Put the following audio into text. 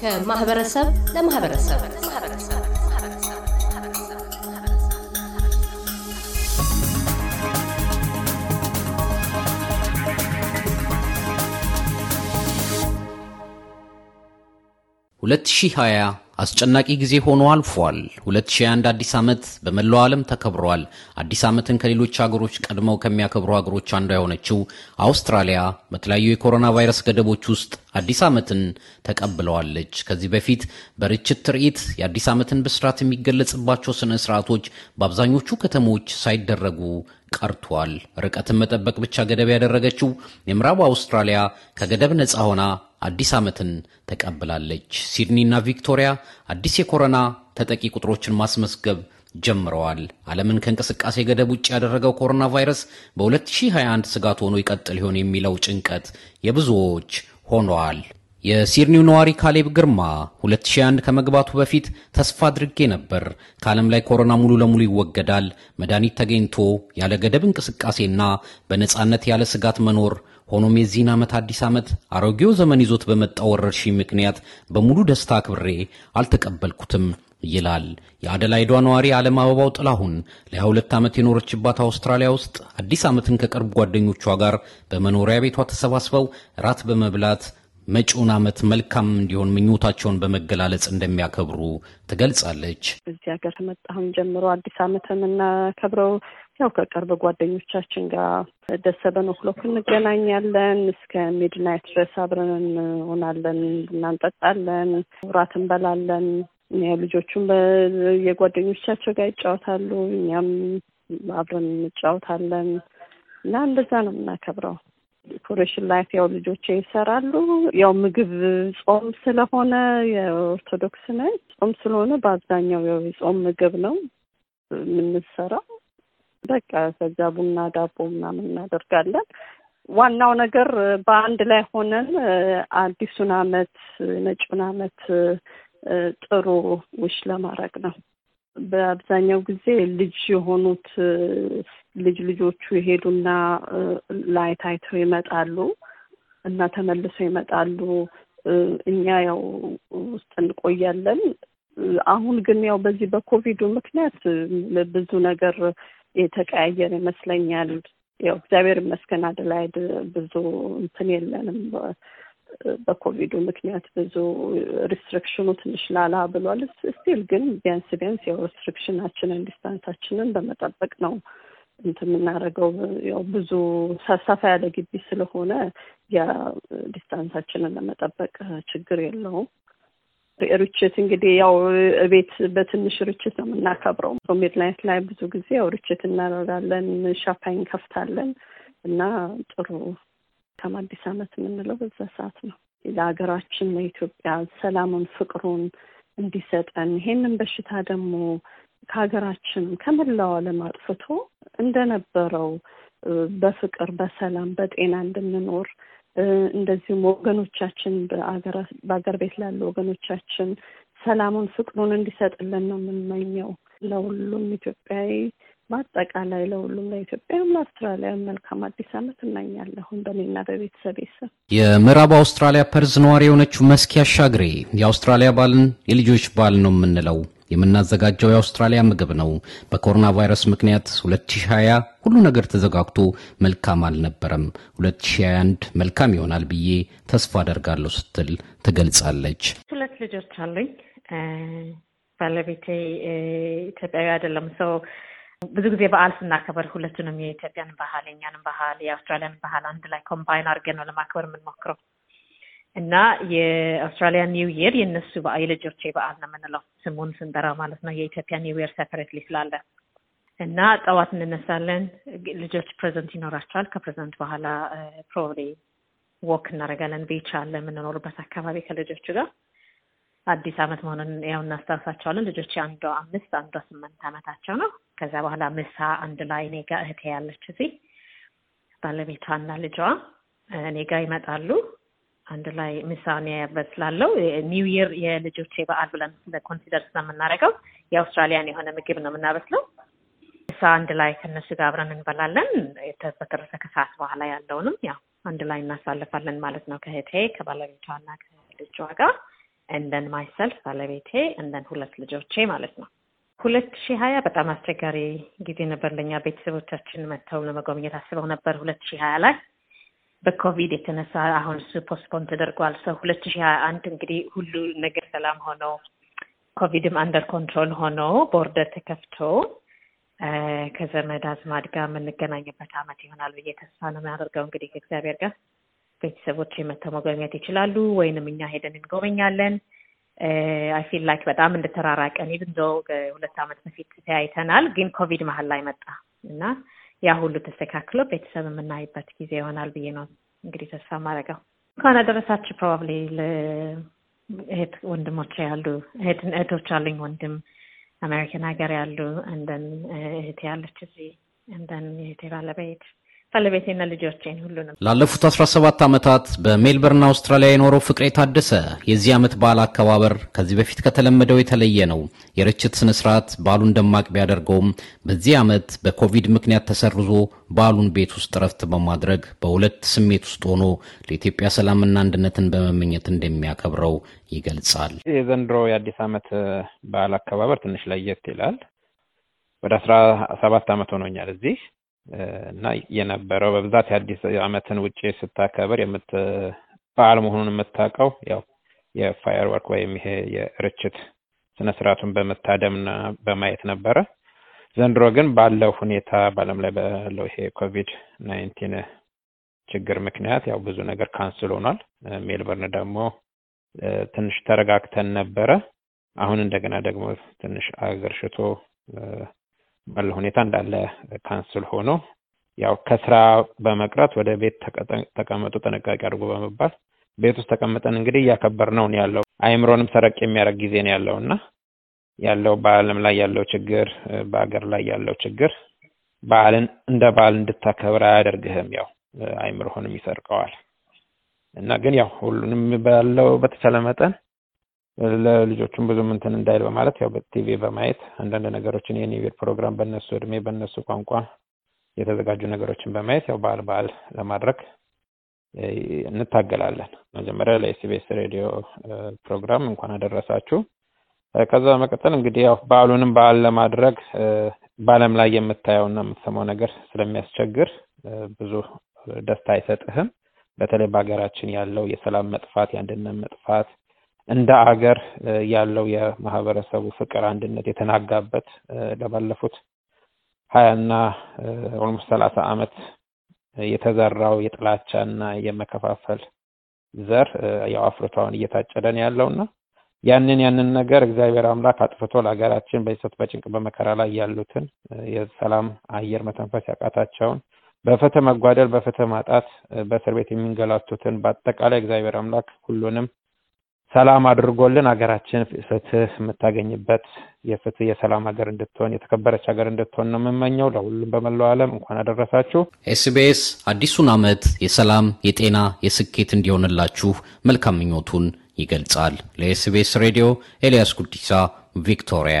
ከማህበረሰብ ለማህበረሰብ ሁለት ሺህ ሃያ አስጨናቂ ጊዜ ሆኖ አልፏል። 2021 አዲስ ዓመት በመላው ዓለም ተከብሯል። አዲስ ዓመትን ከሌሎች ሀገሮች ቀድመው ከሚያከብሩ ሀገሮች አንዷ የሆነችው አውስትራሊያ በተለያዩ የኮሮና ቫይረስ ገደቦች ውስጥ አዲስ ዓመትን ተቀብለዋለች። ከዚህ በፊት በርችት ትርኢት የአዲስ ዓመትን ብስራት የሚገለጽባቸው ስነ ስርዓቶች በአብዛኞቹ ከተሞች ሳይደረጉ ቀርቷል። ርቀትን መጠበቅ ብቻ ገደብ ያደረገችው የምዕራብ አውስትራሊያ ከገደብ ነፃ ሆና አዲስ ዓመትን ተቀብላለች። ሲድኒና ቪክቶሪያ አዲስ የኮሮና ተጠቂ ቁጥሮችን ማስመዝገብ ጀምረዋል። ዓለምን ከእንቅስቃሴ ገደብ ውጭ ያደረገው ኮሮና ቫይረስ በ2021 ስጋት ሆኖ ይቀጥል ይሆን የሚለው ጭንቀት የብዙዎች ሆኗል። የሲድኒው ነዋሪ ካሌብ ግርማ 2001 ከመግባቱ በፊት ተስፋ አድርጌ ነበር። ከዓለም ላይ ኮሮና ሙሉ ለሙሉ ይወገዳል፣ መድኃኒት ተገኝቶ ያለ ገደብ እንቅስቃሴና በነፃነት ያለ ስጋት መኖር ሆኖም የዚህን ዓመት አዲስ ዓመት አሮጌው ዘመን ይዞት በመጣ ወረርሽኝ ምክንያት በሙሉ ደስታ አክብሬ አልተቀበልኩትም ይላል የአደላይዷ ነዋሪ ዓለም አበባው ጥላሁን ለ22 ዓመት የኖረችባት አውስትራሊያ ውስጥ አዲስ ዓመትን ከቅርብ ጓደኞቿ ጋር በመኖሪያ ቤቷ ተሰባስበው ራት በመብላት መጪውን ዓመት መልካም እንዲሆን ምኞታቸውን በመገላለጽ እንደሚያከብሩ ትገልጻለች። እዚህ ሀገር ከመጣሁም ጀምሮ አዲስ ዓመት እናከብረው ያው ከቅርብ ጓደኞቻችን ጋር ደሰበን ኦክሎክ እንገናኛለን። እስከ ሚድናይት ድረስ አብረን እንሆናለን፣ እናንጠጣለን፣ ውራት እንበላለን። ልጆቹም የጓደኞቻቸው ጋር ይጫወታሉ፣ እኛም አብረን እንጫወታለን እና እንደዛ ነው የምናከብረው። ዴኮሬሽን ላይፍ ያው ልጆቼ ይሰራሉ። ያው ምግብ ጾም ስለሆነ የኦርቶዶክስ ነን ጾም ስለሆነ በአብዛኛው ያው የጾም ምግብ ነው የምንሰራው። በቃ ከዛ ቡና ዳቦ ምናምን እናደርጋለን። ዋናው ነገር በአንድ ላይ ሆነን አዲሱን አመት ነጩን አመት ጥሩ ውሽ ለማድረግ ነው። በአብዛኛው ጊዜ ልጅ የሆኑት ልጅ ልጆቹ የሄዱና ላይ ይመጣሉ እና ተመልሰው ይመጣሉ። እኛ ያው ውስጥ እንቆያለን። አሁን ግን ያው በዚህ በኮቪዱ ምክንያት ብዙ ነገር የተቀያየር ይመስለኛል። ያው እግዚአብሔር ይመስገን አደላይድ ብዙ እንትን የለንም። በኮቪዱ ምክንያት ብዙ ሪስትሪክሽኑ ትንሽ ላላ ብሏል። ስቲል ግን ቢያንስ ቢያንስ ያው ሪስትሪክሽናችንን ዲስታንሳችንን በመጠበቅ ነው እንትን የምናደርገው። ያው ብዙ ሰፋ ያለ ግቢ ስለሆነ ያ ዲስታንሳችንን ለመጠበቅ ችግር የለውም። ርችት እንግዲህ ያው ቤት በትንሽ ርችት ነው የምናከብረው። ሜድላይት ላይ ብዙ ጊዜ ያው ርችት እናደርጋለን፣ ሻምፓኝ ከፍታለን እና ጥሩ ከም ዓመት የምንለው በዛ ሰዓት ነው። ለሀገራችን ለኢትዮጵያ ሰላሙን ፍቅሩን እንዲሰጠን ይሄንን በሽታ ደግሞ ከሀገራችን ከመላው ዓለም አጥፍቶ እንደነበረው በፍቅር በሰላም በጤና እንድንኖር እንደዚሁም ወገኖቻችን በአገር ቤት ላሉ ወገኖቻችን ሰላሙን፣ ፍቅሩን እንዲሰጥልን ነው የምንመኘው። ለሁሉም ኢትዮጵያዊ በአጠቃላይ ለሁሉም ለኢትዮጵያም ለአውስትራሊያም መልካም አዲስ ዓመት እመኛለሁን በእኔና በቤተሰቤ ስም። የምዕራብ አውስትራሊያ ፐርዝ ነዋሪ የሆነችው መስኪ አሻግሬ የአውስትራሊያ ባልን የልጆች ባል ነው የምንለው የምናዘጋጀው የአውስትራሊያ ምግብ ነው። በኮሮና ቫይረስ ምክንያት 2020 ሁሉ ነገር ተዘጋግቶ መልካም አልነበረም። 2021 መልካም ይሆናል ብዬ ተስፋ አደርጋለሁ ስትል ትገልጻለች። ሁለት ልጆች አሉኝ። ባለቤቴ ኢትዮጵያዊ አይደለም። ሰው ብዙ ጊዜ በዓል ስናከበር ሁለቱንም የኢትዮጵያን ባህል የኛንም ባህል የአውስትራሊያን ባህል አንድ ላይ ኮምባይን አድርገን ነው ለማክበር የምንሞክረው። እና የአውስትራሊያ ኒው ይር የእነሱ በዓል የልጆቼ በዓል ነው የምንለው ስሙን ስንጠራ ማለት ነው። የኢትዮጵያ ኒው ይር ሴፐሬትሊ ስላለ እና ጠዋት እንነሳለን። ልጆች ፕሬዘንት ይኖራቸዋል። ከፕሬዘንት በኋላ ፕሮባብሊ ወክ እናደርጋለን። ቤቻ አለ የምንኖርበት አካባቢ ከልጆቹ ጋር አዲስ አመት መሆኑን ያው እናስታውሳቸዋለን። ልጆች አንዷ አምስት አንዷ ስምንት ዓመታቸው ነው። ከዛ በኋላ ምሳ አንድ ላይ እኔ ጋ እህቴ ያለች እዚህ ባለቤቷና ልጇ እኔ ጋ ይመጣሉ። አንድ ላይ ምሳን ያበስላለው ኒው ይር የልጆቼ በዓል ብለን ኮንሲደር ስለምናደርገው የአውስትራሊያን የሆነ ምግብ ነው የምናበስለው። ምሳ አንድ ላይ ከነሱ ጋር አብረን እንበላለን። በተረፈ ከሰዓት በኋላ ያለውንም ያው አንድ ላይ እናሳልፋለን ማለት ነው ከባለቤቷ ከባለቤቷና ከልጇ ጋር እንደን ማይሰልፍ ባለቤቴ እንደን ሁለት ልጆቼ ማለት ነው። ሁለት ሺህ ሀያ በጣም አስቸጋሪ ጊዜ ነበር ለእኛ ቤተሰቦቻችን መጥተው ለመጎብኘት አስበው ነበር ሁለት ሺህ ሀያ ላይ በኮቪድ የተነሳ አሁን ፖስፖን ተደርጓል። ሰው ሁለት ሺህ ሀያ አንድ እንግዲህ ሁሉ ነገር ሰላም ሆኖ ኮቪድም አንደር ኮንትሮል ሆኖ ቦርደር ተከፍቶ ከዘመድ አዝማድ ጋር የምንገናኝበት አመት ይሆናል ብዬ ተስፋ ነው የሚያደርገው። እንግዲህ ከእግዚአብሔር ጋር ቤተሰቦች የመተው መጎብኘት ይችላሉ፣ ወይንም እኛ ሄደን እንጎበኛለን። አይ ፊል ላይክ በጣም እንደተራራቀን ይብን ሁለት አመት በፊት ተያይተናል፣ ግን ኮቪድ መሀል ላይ መጣ እና ያ ሁሉ ተስተካክሎ ቤተሰብ የምናይበት ጊዜ ይሆናል ብዬ ነው እንግዲህ ተስፋ ማድረገው። እንኳን አደረሳችሁ። ፕሮባብሊ እህት ወንድሞች ያሉ እህቶች አሉኝ። ወንድም አሜሪካን ሀገር ያሉ እንደን እህቴ ያለች እዚህ እንደን እህቴ ባለቤት ባለቤቴና ልጆቼን ሁሉንም። ላለፉት 17 ዓመታት በሜልበርን አውስትራሊያ የኖረው ፍቅሬ ታደሰ የዚህ ዓመት በዓል አከባበር ከዚህ በፊት ከተለመደው የተለየ ነው። የርችት ስነ ስርዓት በዓሉን ደማቅ ቢያደርገውም በዚህ ዓመት በኮቪድ ምክንያት ተሰርዞ በዓሉን ቤት ውስጥ እረፍት በማድረግ በሁለት ስሜት ውስጥ ሆኖ ለኢትዮጵያ ሰላምና አንድነትን በመመኘት እንደሚያከብረው ይገልጻል። የዘንድሮ የአዲስ ዓመት በዓል አከባበር ትንሽ ለየት ይላል። ወደ አስራ ሰባት ዓመት ሆኖኛል እዚህ እና የነበረው በብዛት የአዲስ ዓመትን ውጭ ስታከብር የምት በዓል መሆኑን የምታውቀው ያው የፋየር ወርክ ወይም ይሄ የርችት ስነስርዓቱን በመታደምና በማየት ነበረ። ዘንድሮ ግን ባለው ሁኔታ በዓለም ላይ ባለው ይሄ ኮቪድ ናይንቲን ችግር ምክንያት ያው ብዙ ነገር ካንስል ሆኗል። ሜልበርን ደግሞ ትንሽ ተረጋግተን ነበረ። አሁን እንደገና ደግሞ ትንሽ አገርሽቶ ባለ ሁኔታ እንዳለ ካንስል ሆኖ ያው ከስራ በመቅረት ወደ ቤት ተቀመጡ ጥንቃቄ አድርጎ በመባል ቤት ውስጥ ተቀምጠን እንግዲህ እያከበር ነው ያለው አይምሮንም ሰረቅ የሚያደርግ ጊዜ ነው ያለው እና ያለው በአለም ላይ ያለው ችግር በሀገር ላይ ያለው ችግር በዓልን እንደ በዓል እንድታከብር አያደርግህም። ያው አይምሮህንም ይሰርቀዋል እና ግን ያው ሁሉንም ባለው በተቻለ መጠን ለልጆቹም ብዙም እንትን እንዳይል በማለት ያው በቲቪ በማየት አንዳንድ ነገሮችን የኒቪር ፕሮግራም በነሱ እድሜ በነሱ ቋንቋ የተዘጋጁ ነገሮችን በማየት ያው በዓል በዓል ለማድረግ እንታገላለን። መጀመሪያ ለኤስቢኤስ ሬዲዮ ፕሮግራም እንኳን አደረሳችሁ። ከዛ በመቀጠል እንግዲህ ያው በዓሉንም በዓል ለማድረግ በአለም ላይ የምታየውና የምትሰማው ነገር ስለሚያስቸግር ብዙ ደስታ አይሰጥህም። በተለይ በሀገራችን ያለው የሰላም መጥፋት፣ የአንድነት መጥፋት እንደ አገር ያለው የማህበረሰቡ ፍቅር አንድነት የተናጋበት ለባለፉት ሀያና ኦልሞስት ሰላሳ ዓመት የተዘራው የጥላቻና የመከፋፈል ዘር ያው አፍርቷን እየታጨደን ያለውና ያንን ያንን ነገር እግዚአብሔር አምላክ አጥፍቶ ለሀገራችን በሰት በጭንቅ በመከራ ላይ ያሉትን የሰላም አየር መተንፈስ ያቃታቸውን በፍትህ መጓደል በፍትህ ማጣት በእስር ቤት የሚንገላቱትን በአጠቃላይ እግዚአብሔር አምላክ ሁሉንም ሰላም አድርጎልን ሀገራችን ፍትህ የምታገኝበት የፍትህ የሰላም ሀገር እንድትሆን የተከበረች ሀገር እንድትሆን ነው የምመኘው። ለሁሉም በመላው ዓለም እንኳን አደረሳችሁ። ኤስቢኤስ አዲሱን ዓመት የሰላም የጤና የስኬት እንዲሆንላችሁ መልካም ምኞቱን ይገልጻል። ለኤስቢኤስ ሬዲዮ ኤልያስ ጉዲሳ ቪክቶሪያ